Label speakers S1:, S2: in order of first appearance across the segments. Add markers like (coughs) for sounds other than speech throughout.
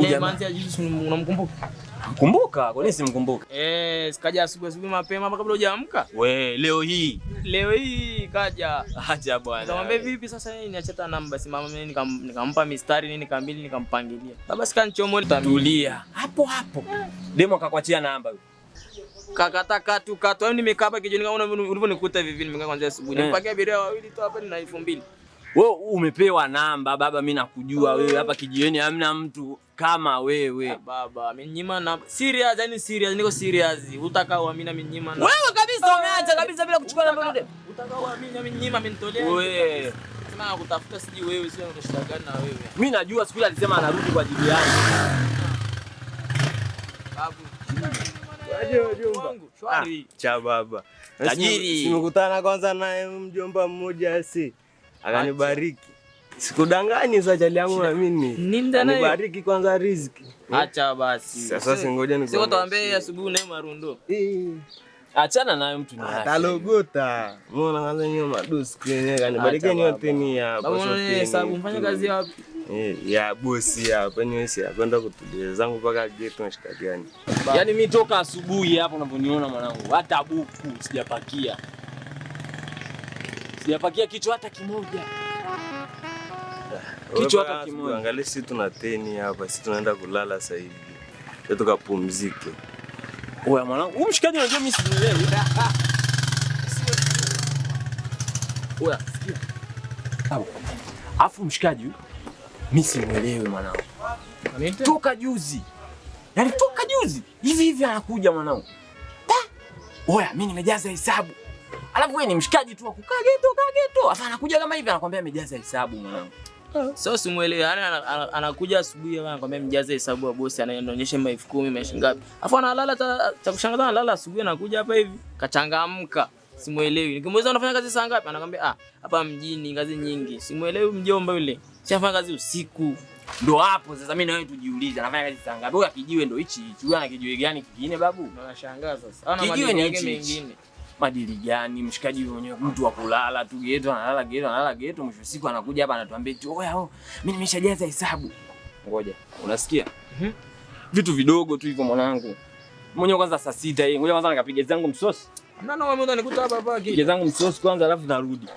S1: unamkumbuka?
S2: Kumbuka, kwa nini simkumbuka?
S1: Eh, sikaja asubuhi asubuhi mapema kabla hujaamka.
S2: We, leo hii.
S1: Leo hii kaja. Acha bwana. Nikamwambia vipi sasa yeye niacha ta namba simama mimi nikampa mistari nini kamili nikampangilia. Baba sikanichomo
S2: tulia.
S1: Hapo hapo.
S2: Demo akakwachia namba yule.
S1: Kakata katu katu. Yaani nimekaa hapa kijoni kama ulivyonikuta hivi nimekaa kwanza asubuhi. Eh. Nipakia abiria wawili tu hapa na 2000
S2: wewe umepewa namba baba, mimi nakujua wewe, hapa kijiweni hamna mtu kama wewe ya
S1: ah, baba, mimi nyima na serious, yani serious, niko serious. Utaka uamini nyima na wewe kabisa, ah, umeacha kabisa bila kuchukua namba yote. Utaka uamini mimi nitolea.
S2: wewe.
S1: Sema nakutafuta, siji wewe, sio unashida gani na wewe?
S2: Mimi najua siku ile alisema anarudi kwa ajili yangu
S1: babu. Shwari
S2: ah, cha baba,
S1: tajiri.
S2: Nimekutana kwanza naye mjomba mmoja si akanibariki. Sikudangani sasa, chali yangu na mimi nibariki kwanza riziki.
S1: Acha basi
S2: sasa, singoje ni
S1: sio tuambie asubuhi na marundo. Eh. Achana nayo mtu naye.
S2: Atalogota. Muona kwanza nyo madusi kwenye kanibariki nyote ni Bwana
S1: Mbona sababu mfanye kazi wapi?
S2: Eh, ya bosi ya nyo si kwenda kutulia zangu paka gate na shika gani.
S1: Yaani mimi toka asubuhi hapo unavyoniona mwanangu, hata buku sijapakia. Sijapakia kichwa hata kimoja.
S2: Ah, kichwa hata kimoja. Angalia sisi tuna teni hapa, sisi tunaenda kulala sasa hivi. Sasa tukapumzike.
S1: Oya mwanangu, huyu mshikaji unajua mimi simuelewi. Oya, sikia. Afu mshikaji huyu mimi simuelewi mwanangu. Toka juzi. Yaani toka juzi hivi hivi anakuja mwanangu. Oya, mimi nimejaza hesabu. Alafu wewe ni mshikaji tu akukaa kukaa geto kaa geto. Afa anakuja kama hivi anakuambia amejaza hesabu mwanangu. Ah. Sasa simuelewi. Yaani ana anakuja asubuhi bwana anakuambia mjaze hesabu ya bosi anaonyesha ma 10,000 imeisha ngapi. Alafu analala cha kushangaza analala asubuhi anakuja hapa hivi kachangamka. Simuelewi. Nikimuuliza unafanya kazi saa ngapi? Anakuambia ah, hapa mjini kazi nyingi. Simuelewi mjomba yule. Shafanya kazi usiku. Ndo hapo sasa mimi na wewe tujiulize anafanya kazi saa ngapi? Huyu akijiwe ndo hichi hichi. Huyu ana kijiwe gani kingine babu? Anashangaza sasa. Ana kijiwe mengine madili gani mshikaji mwenyewe, mtu wa kulala tu geto, analala geto, analala geto, mwisho siku anakuja hapa anatuambia eti oh, mimi nimeshajaza hesabu.
S2: Ngoja unasikia mhm. vitu vidogo tu hivyo mwanangu
S1: mwenye Kwanza saa sita hii, ngoja kwanza nikapiga zangu msosi. hapa
S2: hapa zangu Msosi kwanza, alafu narudi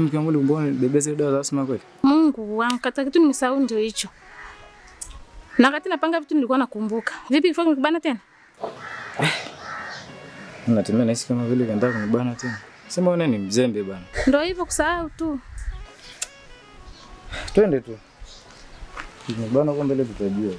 S2: mke wangu ulikuwa bebeze dawa za asma kweli?
S3: Mungu wangu, kata kitu nimesahau ndio hicho. Na wakati napanga vitu nilikuwa nakumbuka. Vipi kifua kimekubana tena? Eh,
S2: Natemea nahisi kama vile kanataka kunibana tena. Sema wewe ni mzembe bana.
S3: Ndio hivyo kusahau tu.
S2: Twende tu. Kimebana kwa mbele tutajua.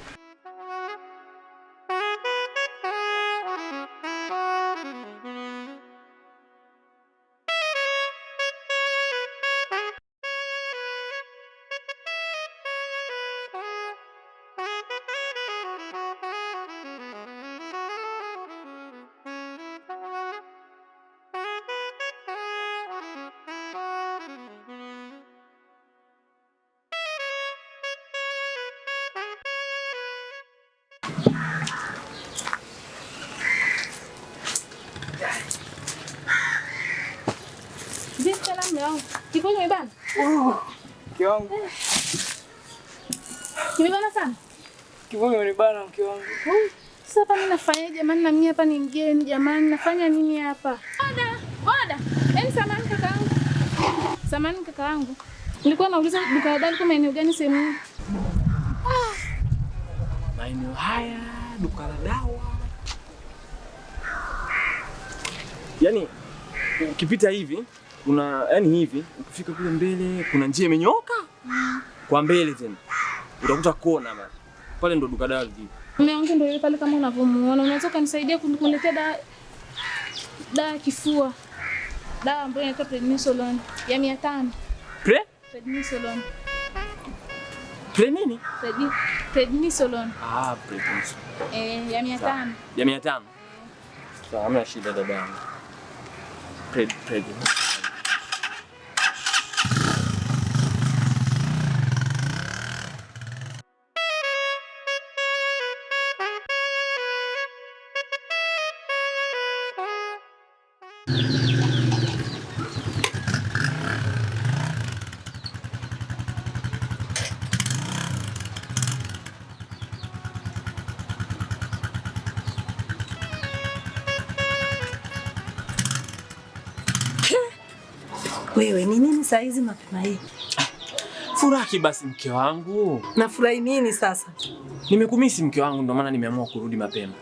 S2: wangu. Nimebana sana. Kiboga unibana mke wangu.
S3: Sasa hapa mimi nafanya jamani na mimi hapa ni mgeni jamani nafanya nini hapa? Oda, oda. Em, yaani samani kaka wangu. Samani kaka wangu. Nilikuwa nauliza duka la dada kama eneo gani sehemu. Ah.
S2: Maeneo haya duka la dawa. Yaani ukipita hivi una yani hivi ukifika kule mbele kuna njia imenyoka. Kwa mbele tena utakuta kona basi. Pale ndo duka dawa lilipo.
S3: Mume wangu ndo yule pale kama unavyomuona. Unaweza kunisaidia kuniletea dawa dawa kifua. Dawa ambayo inaitwa Prednisolone ya 500. Pre? Prednisolone. Pre nini? Predni Prednisolone.
S2: Ah, Prednisolone.
S3: Eh, ya 500.
S2: Ya 500. Sawa, hamna shida dada yangu. Pred Prednisolone.
S3: Wewe ni nini saa hizi mapema hii?
S2: Furahi basi mke wangu.
S3: Nafurahi nini sasa?
S2: Nimekumisi mke wangu, ndio maana nimeamua kurudi mapema.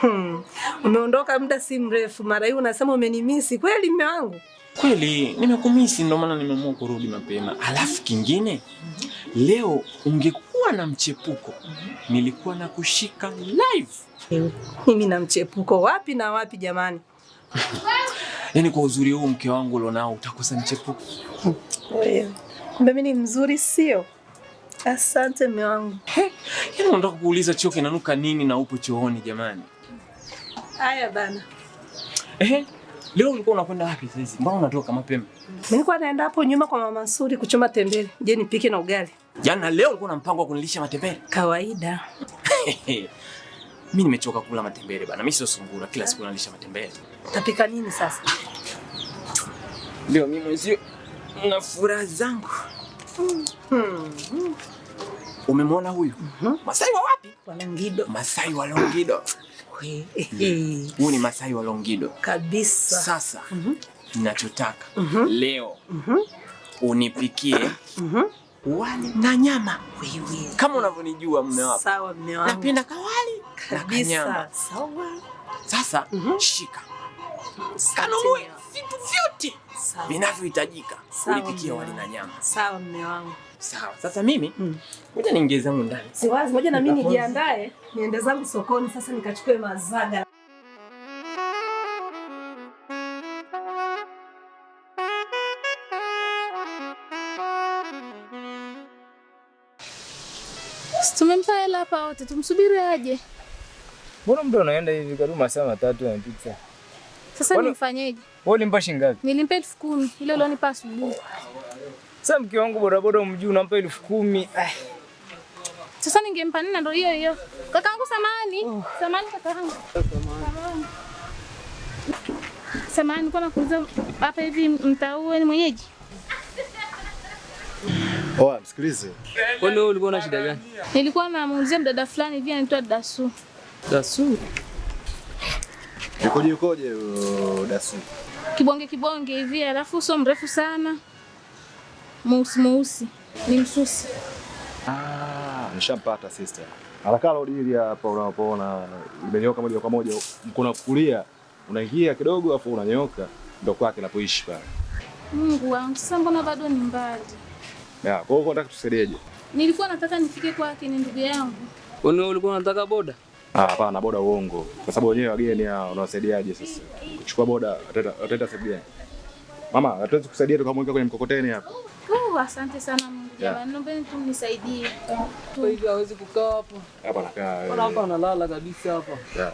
S3: Hmm. Umeondoka muda si mrefu, mara hii unasema umenimisi. Kweli mme wangu?
S2: Kweli nimekumisi, ndio maana nimeamua kurudi mapema. Alafu kingine leo ungekuwa na mchepuko, nilikuwa na kushika live.
S3: Mimi na mchepuko wapi na wapi jamani?
S2: (laughs) Yaani kwa uzuri huu mke wangu ulionao utakosa mchepuko.
S3: Kumbe mimi ni mzuri sio? Asante mume wangu.
S2: Yaani unataka kuuliza choo kinanuka nini na upo chooni jamani?
S3: Haya bana.
S2: Eh, leo ulikuwa unakwenda wapi sasa? Mbona unatoka mapema?
S3: Nilikuwa naenda hapo nyuma kwa mama Suri kuchoma tembele. Je, nipike na ugali?
S2: Jana yaani leo ulikuwa na mpango wa kunilisha matembele?
S3: Kawaida.
S2: Mimi nimechoka kula matembele bana. Mimi sio sungura, kila siku ah. nalisha matembele.
S3: Utapika nini sasa?
S2: Ndio mimi mwenzio na furaha zangu. Mm. Mm. Umemwona huyu? Mm -hmm. Masai wa wapi? Wa Longido. Masai wa Longido. Hmm. Huyu ni Masai wa Longido
S3: kabisa.
S2: Sasa mhm. ninachotaka mm -hmm. leo mm -hmm. unipikie mm -hmm. wali na nyama wewe, kama unavyonijua mume wako.
S3: Sawa mume wangu.
S2: Napenda kawali
S3: kabisa. Na kanyama. Sawa.
S2: Sasa mm -hmm. shika kanunue vitu vyote vinavyohitajika kulipikia wali na nyama.
S3: Sawa mme wangu.
S2: Sawa. Sasa mimi hmm. ngoja niingie zangu ndani.
S3: Si wazi, ngoja na mimi nijiandae niende zangu sokoni sasa nikachukue mazaga. Tumempa hela hapa wote, tumsubiri aje.
S2: Mbona mtu anaenda hivi karibu masaa matatu yanapita?
S3: Sasa nifanyeje?
S2: Wewe ulimpa shilingi ngapi?
S3: Nilimpa elfu kumi ile ulionipa asubuhi.
S2: Sasa mke wangu bodaboda umjui unampa elfu kumi.
S3: Sasa ningempa nina ndio hiyo hiyo. Kakaangu samani. Oh. Samani kakaangu. Samani. Samani kwa nakuuliza hapa hivi mtaue ni mwenyeji?
S2: Oa, oh, msikilize. Kwani wewe ulikuwa na shida gani?
S3: Nilikuwa namuulizia mdada fulani hivi anaitwa Dasu.
S2: Dasu? Ikoje ikoje uh, Dasu?
S3: Kibonge kibonge hivi, alafu so mrefu sana, mweusi mweusi, ni msusi.
S2: Ah, nishampata sister. Haraka rodi dili hapa unapoona imenyoka moja kwa moja mkono kulia, unaingia kidogo afu unanyoka, ndo kwake napoishi pale.
S3: Mungu wangu, sasa mbona bado ni mbali?
S2: Ya, kwa hiyo unataka tusaidieje?
S3: Nilikuwa nataka nifike kwake, ni ndugu yangu.
S1: Wewe ulikuwa unataka boda?
S2: Ah, hapana boda uongo. Kwa sababu wenyewe wageni hao unawasaidiaje sasa? Kuchukua boda ataleta sababu gani? Mama, hatuwezi kusaidia tukamweka kwenye mkokoteni hapo.
S3: Oh, asante sana Mungu Yeah. jamani. Naomba tu mnisaidie. Kwa hiyo hawezi kukaa hapo.
S2: Hapa anakaa.
S1: Bora hapa analala kabisa hapa. Yeah.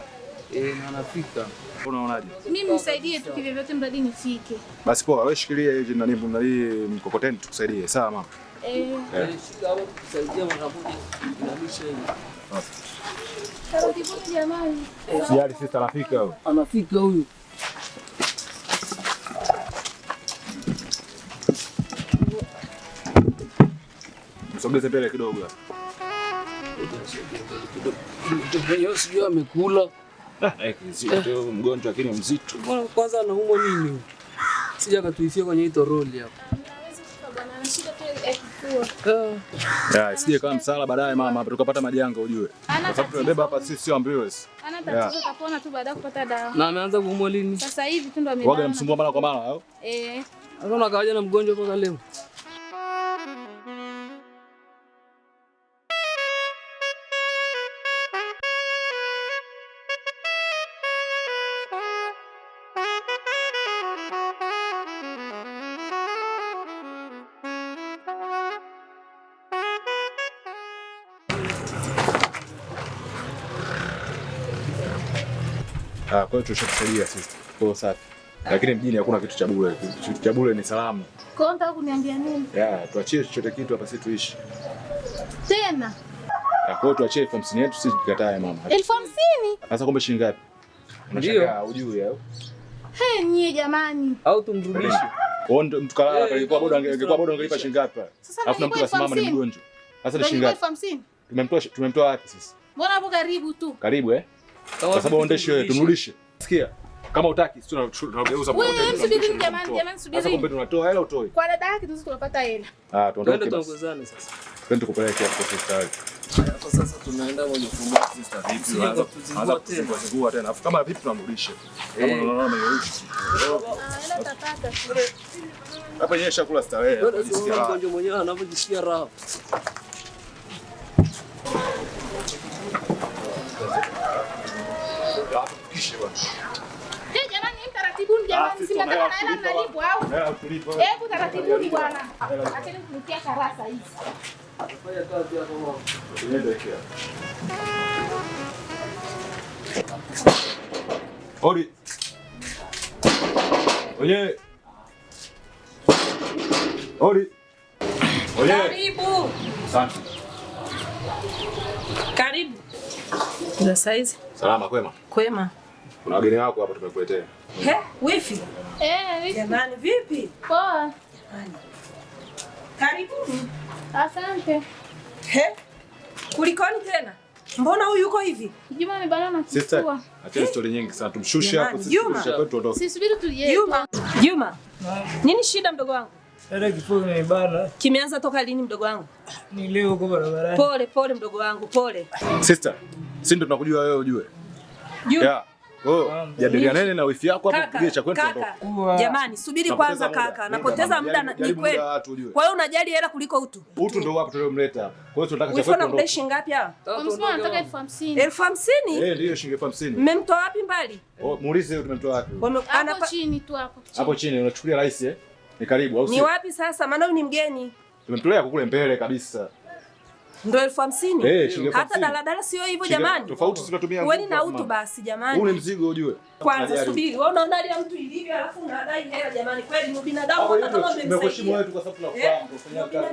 S1: Eh, na anafika.
S2: Unaonaje?
S3: Mimi msaidie tu kivyo vyote mradi nifike.
S2: Basi poa, wewe shikilia hivi na nini mkokoteni tukusaidie. Sawa mama anafika huyu,
S1: anafika huyu.
S2: Msogeze mbele kidogo.
S1: Sijui amekula
S2: mgonjwa, lakini mzito.
S1: Kwanza anaumwa nini? Sija katuifia kwenye hii toroli hapo.
S2: Yeah, sije kama msala baadaye mama tukapata majanga ujue. Kwa sababu tumebeba hapa sisi sio ambulance.
S3: Ana tatizo kapona tu baada kupata dawa.
S1: Na ameanza kuumwa lini?
S3: Sasa hivi tu ndo amelala.
S2: Waga msumbua mara kwa mara au? Eh.
S1: Unaona kawaja na mgonjwa kwa leo.
S2: Ah, kwa hiyo tushakusaidia sisi. Kwa hiyo safi. Lakini mjini hakuna kitu cha bure. Kitu cha bure ni salamu.
S3: Kwa hiyo unataka kuniambia nini?
S2: Ya, tuachie chochote kitu hapa sisi tuishi. Tena. Ya, Kwa hiyo tuachie elfu hamsini yetu sisi tukatae mama.
S3: Elfu hamsini?
S2: Sasa kumbe shilingi ngapi? Unashangaa hujui au?
S3: Hey, nyie jamani.
S1: Au tumrudishe.
S2: Ndio mtu kalala kwa angekuwa boda angekuwa bodo angelipa shilingi ngapi? Alafu na mtu kasimama ni mgonjwa. Sasa ni shilingi ngapi? Tumemtoa tumemtoa wapi sisi?
S3: Mbona hapo karibu tu?
S2: Karibu eh? Kwa sababu ondeshe wewe, tunurudishe. Sikia. Kama utaki sisi
S3: tunageuza mkono. Wewe msubiri jamani, jamani subiri.
S2: Sasa kumbe tunatoa hela utoe.
S3: Kwa dada yake tu tunapata hela.
S2: Ah, tuondoke. Tuongozane sasa. Twende tukupeleke hapo hospitali.
S1: yake. Sasa tunaenda moja kwa moja sister
S2: vipi? Anza anza tena. Alafu kama vipi tunamrudishe? Kama unaona ameyerushi. Hela tapata. Hapa yeye chakula starehe. wewe. Mgonjwa
S1: mwenyewe anavyojisikia raha.
S3: Jamani, hela au? Hebu taratibu bwana. Acheni kunitia karasa hizi.
S2: Oye. Oye.
S3: Karibu. Asante. Karibu. Za Salama kwema. Kwema.
S2: Kuna wageni wako hapa tumekuletea.
S3: He, wifi. Eh, wifi. Jamani vipi? Poa. Jamani. Karibu. Asante. He? Kulikoni tena? Mbona huyu yuko hivi? Juma amebana na kifua.
S2: Acha story nyingi sana tumshushe
S3: hapo sisi Juma. Sisi Sisubiri tu yeye. Juma. Juma. Nini shida mdogo wangu?
S1: Hata kifua kimebana.
S3: Kimeanza toka lini mdogo wangu?
S1: Ni leo huko barabarani.
S3: Pole pole mdogo wangu, pole.
S2: Sister, si ndio tunakujua wewe ujue. Juma. Yeah jadilianeni na wifi yako
S3: hapo, pigie cha kwetu. Jamani, subiri kwanza kaka, napoteza muda ni kweli. Kwa hiyo unajali hela kuliko utu.
S2: Utu ndio wapo tuliomleta hapa. Kwa hiyo tunataka
S3: cha kwetu. Unamdai ngapi hapa? Anataka elfu hamsini. Elfu hamsini?
S2: Eh, ndio shilingi elfu hamsini.
S3: Mmemtoa wapi mbali?
S2: Oh, muulize tumemtoa wapi.
S3: Hapo chini tu hapo.
S2: Hapo chini unachukulia rais eh? Ni karibu au
S3: si? Ni wapi sasa? Maana huyu ni mgeni.
S2: Tumemtolea kule mbele kabisa
S3: ndo elfu hamsini eh, hata daladala sio hivyo jamani,
S2: tofauti tunatumia
S3: weni na utu basi jamani,
S2: ule mzigo ujue
S3: kwanza. Subiri wewe, unaona ile mtu ilivyo, alafu unadai hela jamani, kweli ni binadamu?
S2: Eh? Hata kama umemsaidia wewe, kwa sababu tunafahamu kufanya kazi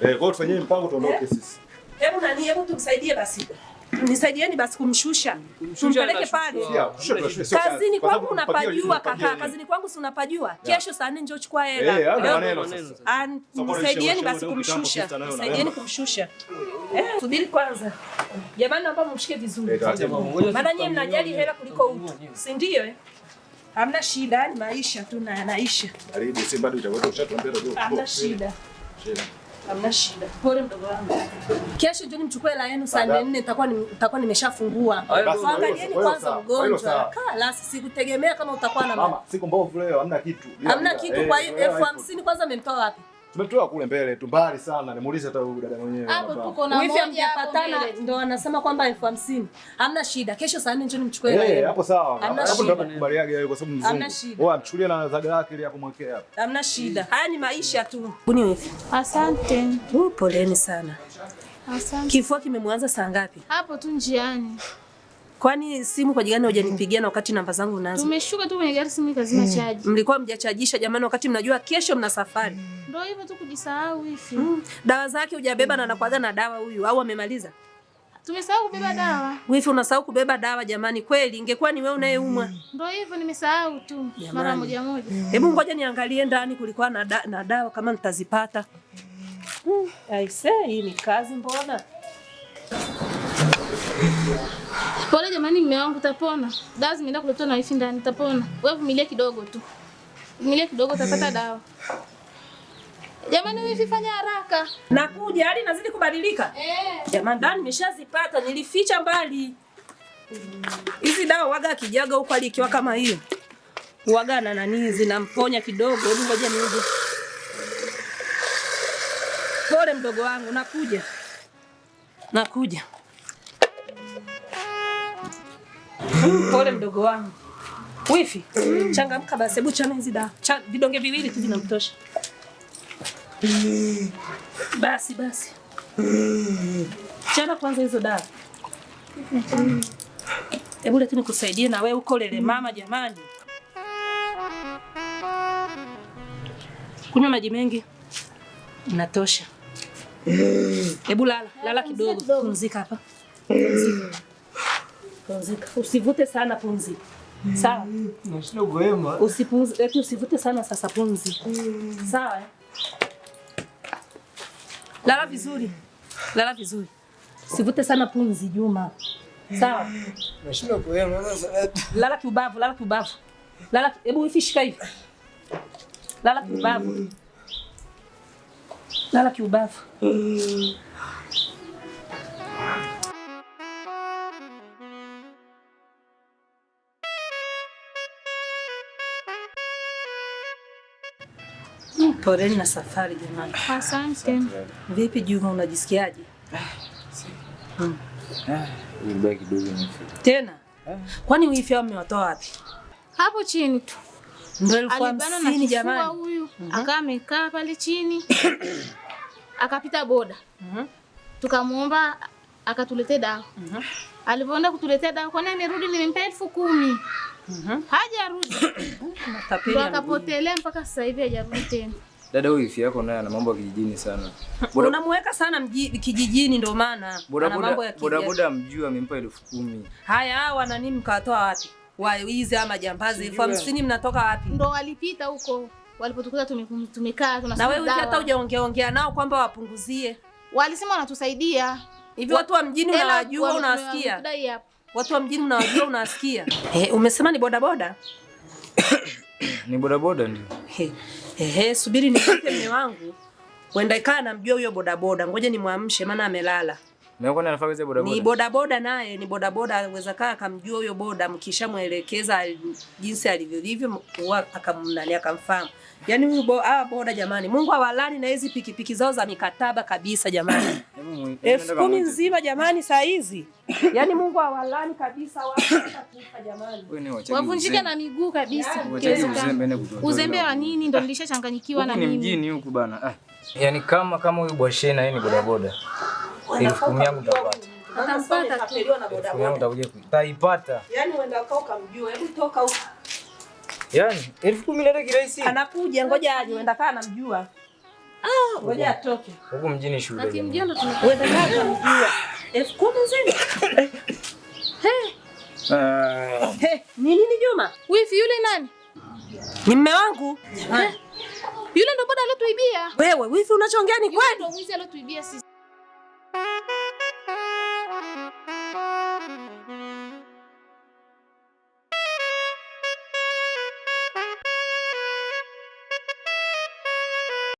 S2: na eh, kwa tufanyie mpango tuondoke eh? sisi.
S3: Hebu nani, hebu tumsaidie basi nisaidieni basi kumshusha, mpeleke pale kazini. Kwangu unapajua kaka, kazini kwangu si unapajua? Kesho saa nne njoo chukua
S2: hela.
S3: Nisaidieni basi kumshusha, nisaidieni kumshusha. Eh, subiri kwanza jamani, naomba mumshike vizuri, eh, maana nyie mnajali hela kuliko utu, si ndio? Eh? Hamna shida, ni yaani maisha tu na yanaisha. Hamna shida. Hamna shida. Pole mdogo wangu. Kesho njoni mchukue hela yenu saa 4 nitakuwa nitakuwa nimeshafungua. Angalieni kwanza mgonjwa. Kala sikutegemea kama utakuwa na
S2: mama. Siku mbovu leo, hamna kitu.
S3: Hamna kitu kwa hiyo elfu hamsini kwanza mmemtoa wapi?
S2: Tumetoa kule mbele tu mbali sana. Nimuulize hata huyu dada
S3: mwenyewe. Hapo tuko na mmoja amjapatana ndo anasema kwamba elfu hamsini. Hamna shida. Kesho saa 4 njoo nimchukue
S2: yeye. Eh, hapo sawa. Hapo ndo nakubaliaga yeye kwa sababu mzungu. Hamna shida. Wewe mchukulie na zaga yake ile hapo mwekee hapo.
S3: Hamna shida. Haya ni maisha tu. Kuni wewe. Asante. Upo poleni sana. Asante. Kifua kimemwanza saa ngapi? Hapo tu njiani. Kwani simu kwa jirani hujanipigia na wakati namba zangu nazo? Tumeshuka tu kwenye gari simu ikazima mm. chaji. Mlikuwa mjachajisha jamani wakati mnajua kesho mna safari. Ndio hivyo tu kujisahau hivi. Mm. Dawa zake hujabeba mm. na anakuaga na dawa huyu au amemaliza? Tumesahau kubeba dawa. Wifi unasahau kubeba dawa jamani kweli ingekuwa ni wewe unayeumwa. Ndio hivyo nimesahau tu mara moja moja. Hebu ngoja niangalie ndani kulikuwa na, da na dawa kama nitazipata. Mm. say hii ni kazi mbona? Pole jamani, mume wangu, tapona. Dawa zimeenda kuletwa na wifi ndani, tapona. Wewe vumilia kidogo tu, vumilia kidogo, utapata mm. dawa. Jamani, wifi fanya haraka, nakuja. Hali yaani nazidi kubadilika eh. Jamani, dawa nimeshazipata, nilificha mbali hizi dawa. Waga akijaga huko alikiwa kama hiyo waga na nani, zinamponya kidogo. Hebu ngoja nije. Pole mdogo wangu, nakuja, nakuja. Hmm, pole mdogo wangu. Wifi, changamka basi, hebu chana hizi dawa. Vidonge viwili tu vinamtosha. Basi basi. Chana kwanza hizo dawa. Hebu leta nikusaidie na wewe uko lele mama jamani. Kunywa maji mengi. Natosha. Hebu lala, lala kidogo. Pumzika hapa. Pumzika. Pumzika. Usivute sana pumzi. Sawa?
S1: Unashida mm-hmm. goema.
S3: Usipumzike, eti usivute sana sasa pumzi. Mm-hmm. Sawa? Eh? Lala vizuri. Lala vizuri. Usivute sana pumzi Juma. Sawa?
S1: Unashida goema sasa.
S3: Lala kiubavu, lala kiubavu. Lala, hebu ifishika hivi. Lala kiubavu. Mm-hmm. Lala kiubavu. Poleni na safari jamani. Asante. Vipi Juma, unajisikiaje? hmm. Tena kwani wifi au mmewatoa wapi? Hapo chini tu ndio jamani. Huyu mhm. akaa amekaa pale chini (coughs) akapita boda mhm. Tukamwomba akatuletea dawa mm Alivyoenda kutuletea dawa, kwani amerudi, nilimpea elfu kumi mm Hajarudi (coughs) akapotelea mpaka sasa hivi hajarudi tena.
S2: Dada huyu ifi yako naye ana mambo ya kijijini sana.
S3: (laughs) Boda... Unamuweka sana mji, kijijini ndio maana.
S2: ana mambo ya kijijini. Boda mjuu amempa elfu kumi.
S3: Haya hawa na nini mkawatoa wapi? Waizi ama jambazi elfu hamsini mnatoka wapi? Ndio walipita huko. Walipotukuta tumekaa tunasema. Na wewe hata hujaongea ongea nao kwamba wapunguzie. Walisema wanatusaidia. Hivi watu wa mjini unawajua unawasikia? Watu wa mjini unawajua unawasikia? (coughs) Eh, umesema ni bodaboda?
S2: (coughs) Ni bodaboda ndio. Eh,
S3: Ehe, subiri nikuite mume wangu. Wenda kaa namjua huyo bodaboda. Ngoja nimwamshe maana amelala boda ni bodaboda naye ni bodaboda, anaweza kaa akamjua huyo boda, mkishamwelekeza jinsi alivyolivyo akamnani akamfahamu. Yani huyu ah, boda jamani, Mungu awalani na hizi pikipiki zao za mikataba kabisa jamani, (coughs) elfu kumi nzima jamani, saa hizi yani Mungu awalani kabisa jamani, wavunjike na miguu kabisa. Yaani uzembe wa nini? Ndo nilishachanganyikiwa na mimi Ni
S2: mjini huku bana, ah. yani kama kama huyu bwashena ni bodaboda elfu mia
S3: utapata
S2: taipata yani yaani, elfu kumi lete kirahisi.
S3: Anakuja ngoja aje, uenda kaa namjua ah, ngoja atoke
S2: huku mjini shule.
S3: elfu kumi zile eh. ni nini? Juma wifi yule nani? Ni mme wangu yule, ndo boda aliotuibia. Wewe wifi unachoongea ni kweli? Ndo mwizi aliotuibia sisi.